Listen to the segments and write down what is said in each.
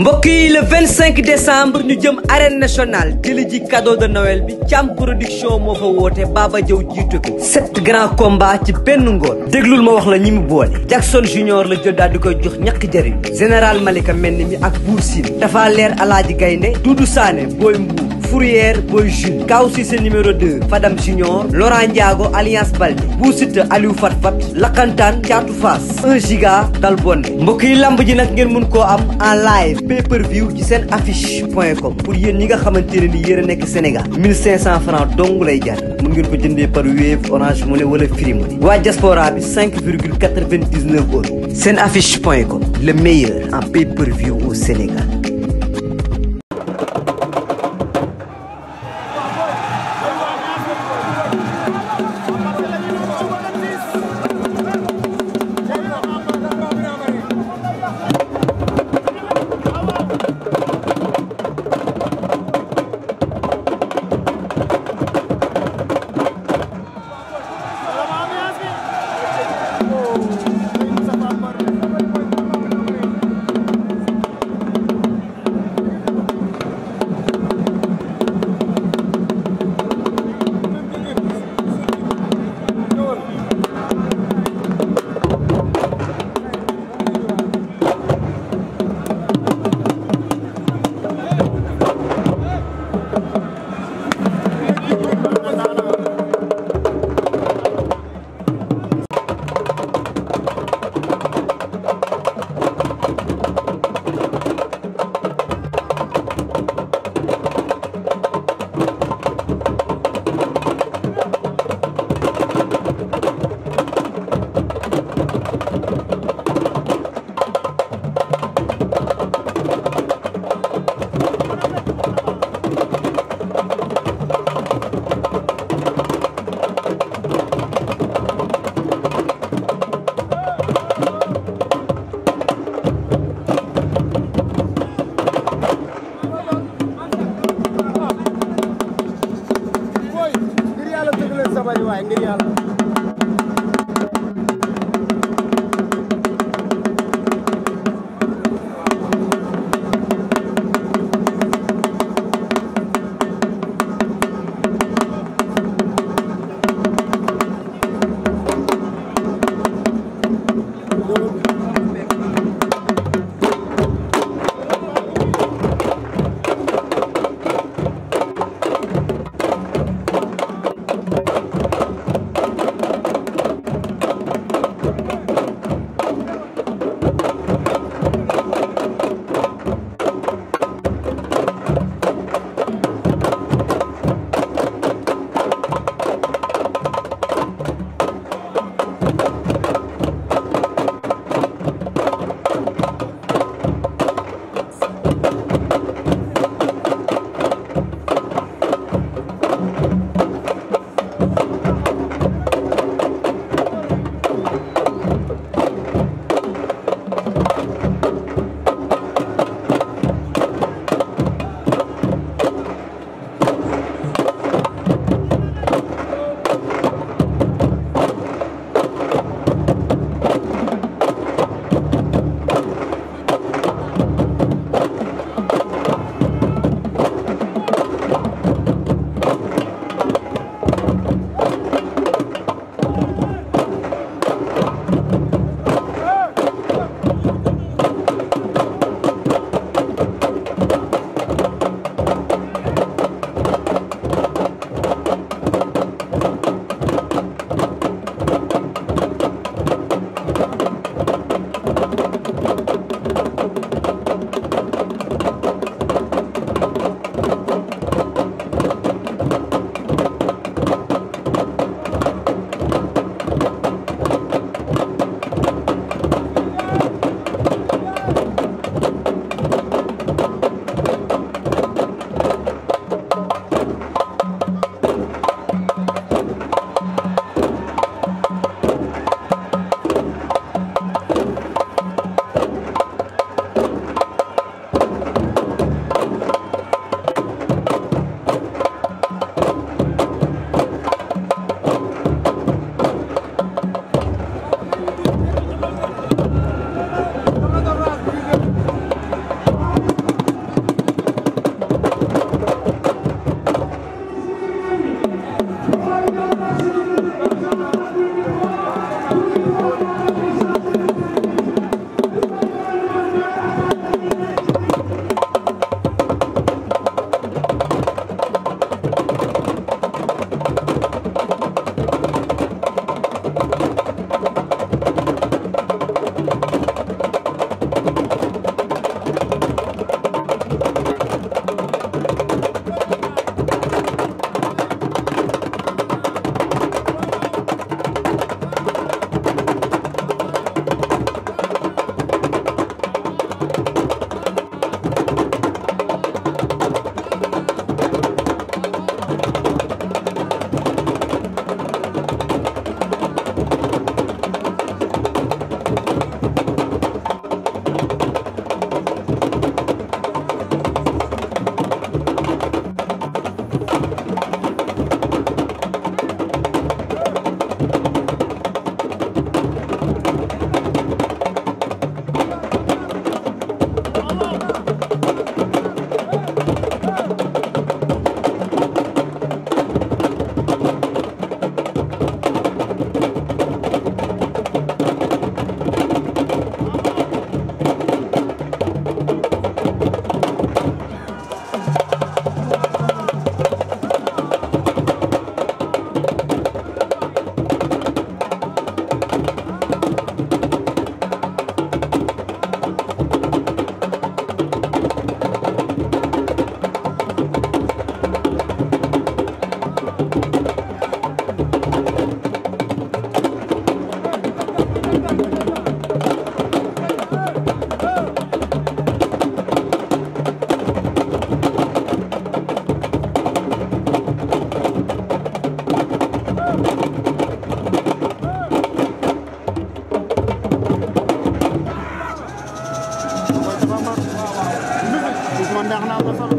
mbokk yi le 25 décembre ñu jëm arène nationale jëli ji cadeau de Noël bi Thiam production moo fa woote Baba Diaw jiitu ko set grands combats ci benn ngoon déglul ma wax la ñi mu boole Jackson Junior la jël daal di koy jox ñàkk jëriñ général Malika mel ni mi ak Buur Siin dafa leer Alaaji Gaynde Dudu Saane Boy Mbuur Fourrière Boy Jules Kaw Cissé numéro 2 Fadam Junior Laurent Ndiago Alliance Baldé Bou Siteu Aliou Fat Fat Lakantaan Caatu Faas 1 giga dal bonne mbokk yi lamb ji nag ngeen mun koo am en live pay per view ci seen affiche point com pour yéen ñi nga xamante ne ni yéen a nekk Sénégal 1500 francs dong lay jar mun ngeen ko jëndee par Wave Orange Money wala Free Money waa diaspora bi 5 virgule 99 euros seen affiche point com le meilleur en pay per view au Sénégal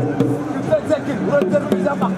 Yüksek zeki, burası bize bak.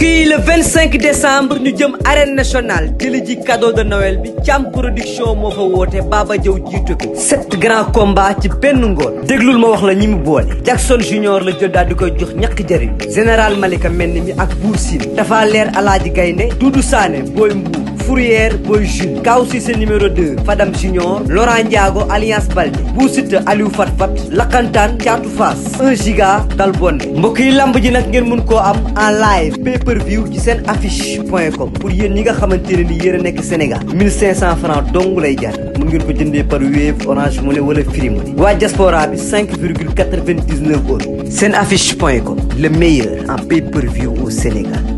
kii la le 25 décembre ñu jëm arène nationale jëli ji cadeau de Noël bi càmm production moo fa woote Baba Jaw jiitu ko set grands combats ci benn ngoon déglul ma wax la ñi mu boole Jackson Junior la jël daal di koy jox ñàkk jëriñ général Malika mel ni mi ak Buur Siin dafa leer Alaaji Gaynde Dudu Saane Booy Mbuur Fourrière Boy Jules Kaw seen numéro 2 Fadam Junior Laurent Ndiago Alliance Baldé Bou Siteu Aliou Fat Fat Lakkantaan Caatu Fass 1 giga dal bonne mbokk yi lamb ji nag ngeen mun koo am en live pay per view ci seen affiche com pour yéen ñi nga xamante ne ni yéen a nekk Sénégal 1500 francs dong lay jar mun ngeen ko jëndee par Wave Orange Money wala Free Money waa diaspora bi seen affiche point com le meilleur en pay per view au Sénégal